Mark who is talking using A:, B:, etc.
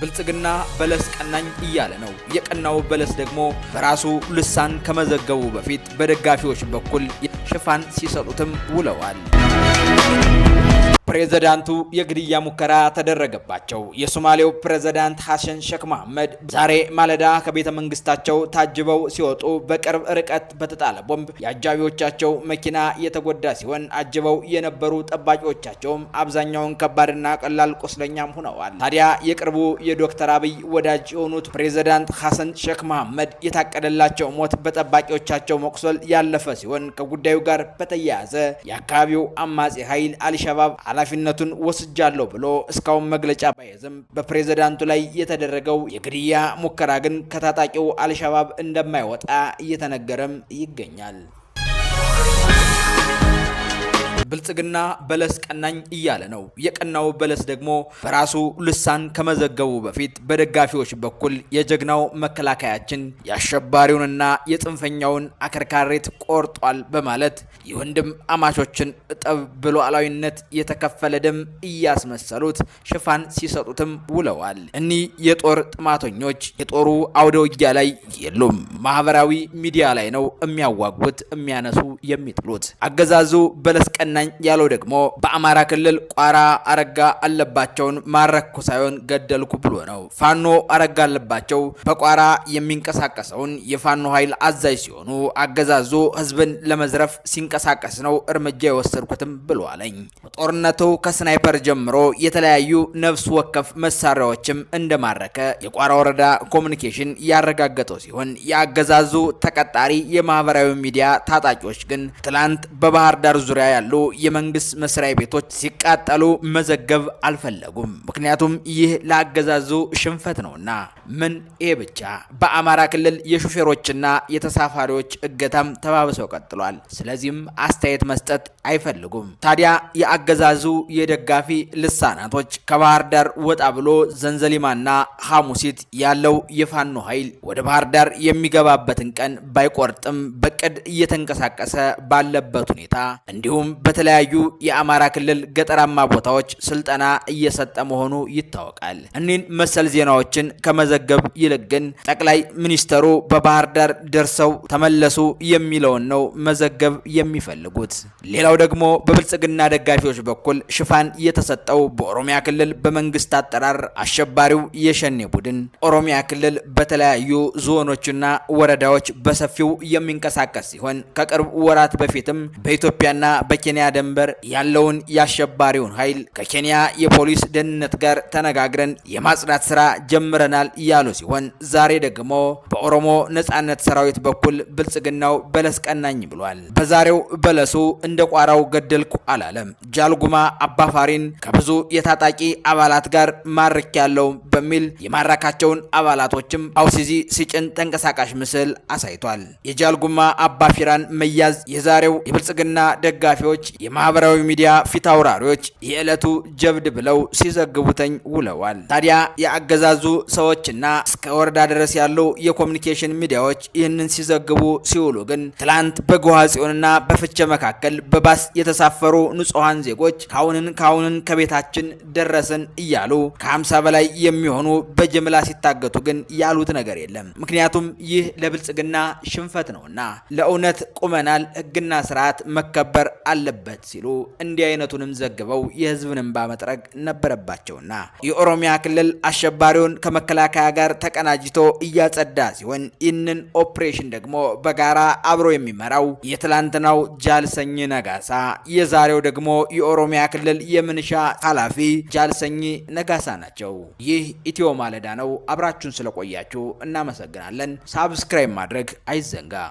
A: ብልጽግና በለስ ቀናኝ እያለ ነው። የቀናው በለስ ደግሞ በራሱ ልሳን ከመዘገቡ በፊት በደጋፊዎች በኩል ሽፋን ሲሰጡትም ውለዋል። ፕሬዝዳንቱ የግድያ ሙከራ ተደረገባቸው። የሶማሌው ፕሬዝዳንት ሐሰን ሼክ መሐመድ ዛሬ ማለዳ ከቤተ መንግስታቸው ታጅበው ሲወጡ በቅርብ ርቀት በተጣለ ቦምብ የአጃቢዎቻቸው መኪና የተጎዳ ሲሆን አጅበው የነበሩ ጠባቂዎቻቸውም አብዛኛውን ከባድና ቀላል ቁስለኛም ሆነዋል። ታዲያ የቅርቡ የዶክተር አብይ ወዳጅ የሆኑት ፕሬዝዳንት ሐሰን ሼክ መሐመድ የታቀደላቸው ሞት በጠባቂዎቻቸው መቁሰል ያለፈ ሲሆን ከጉዳዩ ጋር በተያያዘ የአካባቢው አማጺ ኃይል አልሸባብ ኃላፊነቱን ወስጃለሁ ብሎ እስካሁን መግለጫ ባይዝም በፕሬዝዳንቱ ላይ የተደረገው የግድያ ሙከራ ግን ከታጣቂው አልሸባብ እንደማይወጣ እየተነገረም ይገኛል። ብልጽግና በለስ ቀናኝ እያለ ነው። የቀናው በለስ ደግሞ በራሱ ልሳን ከመዘገቡ በፊት በደጋፊዎች በኩል የጀግናው መከላከያችን የአሸባሪውንና የጽንፈኛውን አከርካሪት ቆርጧል በማለት የወንድም አማቾችን እጠብ በሉዓላዊነት የተከፈለ ደም እያስመሰሉት ሽፋን ሲሰጡትም ውለዋል። እኒህ የጦር ጥማተኞች የጦሩ አውደ ውጊያ ላይ የሉም። ማህበራዊ ሚዲያ ላይ ነው የሚያዋጉት፣ የሚያነሱ፣ የሚጥሉት አገዛዙ በለስ ቀናኝ ያለው ደግሞ በአማራ ክልል ቋራ አረጋ አለባቸውን ማረኩ ሳይሆን ገደልኩ ብሎ ነው። ፋኖ አረጋ አለባቸው በቋራ የሚንቀሳቀሰውን የፋኖ ኃይል አዛዥ ሲሆኑ አገዛዙ ህዝብን ለመዝረፍ ሲንቀሳቀስ ነው እርምጃ የወሰድኩትም ብሏለኝ። ጦርነቱ ከስናይፐር ጀምሮ የተለያዩ ነፍስ ወከፍ መሳሪያዎችም እንደማረከ የቋራ ወረዳ ኮሚኒኬሽን ያረጋገጠው ሲሆን የአገዛዙ ተቀጣሪ የማህበራዊ ሚዲያ ታጣቂዎች ግን ትላንት በባህር ዳር ዙሪያ ያሉ የመንግስት መስሪያ ቤቶች ሲቃጠሉ መዘገብ አልፈለጉም። ምክንያቱም ይህ ለአገዛዙ ሽንፈት ነውና። ምን ይሄ ብቻ! በአማራ ክልል የሹፌሮችና የተሳፋሪዎች እገታም ተባብሰው ቀጥሏል። ስለዚህም አስተያየት መስጠት አይፈልጉም። ታዲያ የአገዛዙ የደጋፊ ልሳናቶች ከባህር ዳር ወጣ ብሎ ዘንዘሊማና ሐሙሲት ያለው የፋኖ ኃይል ወደ ባህር ዳር የሚገባበትን ቀን ባይቆርጥም በቅድ እየተንቀሳቀሰ ባለበት ሁኔታ እንዲሁም በ በተለያዩ የአማራ ክልል ገጠራማ ቦታዎች ስልጠና እየሰጠ መሆኑ ይታወቃል። እኒህን መሰል ዜናዎችን ከመዘገብ ይልቅ ግን ጠቅላይ ሚኒስተሩ በባህር ዳር ደርሰው ተመለሱ የሚለውን ነው መዘገብ የሚፈልጉት። ሌላው ደግሞ በብልጽግና ደጋፊዎች በኩል ሽፋን የተሰጠው በኦሮሚያ ክልል በመንግስት አጠራር አሸባሪው የሸኔ ቡድን ኦሮሚያ ክልል በተለያዩ ዞኖችና ወረዳዎች በሰፊው የሚንቀሳቀስ ሲሆን ከቅርብ ወራት በፊትም በኢትዮጵያና በኬንያ በኬንያ ደንበር ያለውን የአሸባሪውን ኃይል ከኬንያ የፖሊስ ደህንነት ጋር ተነጋግረን የማጽዳት ስራ ጀምረናል እያሉ ሲሆን ዛሬ ደግሞ በኦሮሞ ነጻነት ሰራዊት በኩል ብልጽግናው በለስ ቀናኝ ብሏል። በዛሬው በለሱ እንደ ቋራው ገደልኩ አላለም። ጃልጉማ አባፋሪን ከብዙ የታጣቂ አባላት ጋር ማርክ ያለው በሚል የማራካቸውን አባላቶችም አውሲዚ ሲጭን ተንቀሳቃሽ ምስል አሳይቷል። የጃልጉማ አባፊራን መያዝ የዛሬው የብልጽግና ደጋፊዎች የማህበራዊ ሚዲያ ፊት አውራሪዎች የዕለቱ ጀብድ ብለው ሲዘግቡተኝ ውለዋል። ታዲያ የአገዛዙ ሰዎችና እስከ ወረዳ ድረስ ያሉ የኮሚኒኬሽን ሚዲያዎች ይህንን ሲዘግቡ ሲውሉ ግን ትላንት በጎሃ ጽዮንና በፍቼ መካከል በባስ የተሳፈሩ ንጹሐን ዜጎች ካሁንን ካሁንን ከቤታችን ደረስን እያሉ ከ ከሀምሳ በላይ የሚሆኑ በጅምላ ሲታገቱ ግን ያሉት ነገር የለም። ምክንያቱም ይህ ለብልጽግና ሽንፈት ነውና ለእውነት ቁመናል፣ ህግና ስርዓት መከበር አለበት አለበት ሲሉ እንዲህ አይነቱንም ዘግበው የህዝብን እንባ መጥረግ ነበረባቸውና የኦሮሚያ ክልል አሸባሪውን ከመከላከያ ጋር ተቀናጅቶ እያጸዳ ሲሆን ይህንን ኦፕሬሽን ደግሞ በጋራ አብሮ የሚመራው የትላንትናው ጃልሰኝ ነጋሳ፣ የዛሬው ደግሞ የኦሮሚያ ክልል የምንሻ ኃላፊ ጃልሰኝ ነጋሳ ናቸው። ይህ ኢትዮ ማለዳ ነው። አብራችሁን ስለቆያችሁ እናመሰግናለን። ሳብስክራይብ ማድረግ አይዘንጋ።